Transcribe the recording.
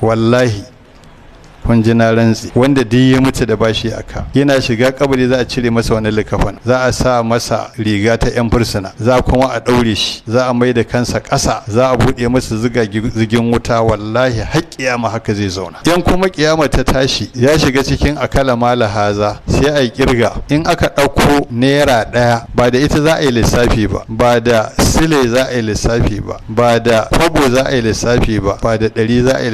wallahi kun ji na rantsi wanda duk ya mutu da bashi a ka yana shiga kabari za a cire masa wani likafan za a sa masa riga ta yan fursuna za kuma a ɗaure shi za a mai da kansa ƙasa za a buɗe masa ziga zigin wuta wallahi har kiyama haka zai zauna yan kuma kiyama ta tashi ya shiga cikin akala mala haza sai a yi kirga in aka ɗauko naira ɗaya ba da ita za a yi lissafi ba ba da sile za a yi lissafi ba ba da kwabo za a yi lissafi ba ba da ɗari za a yi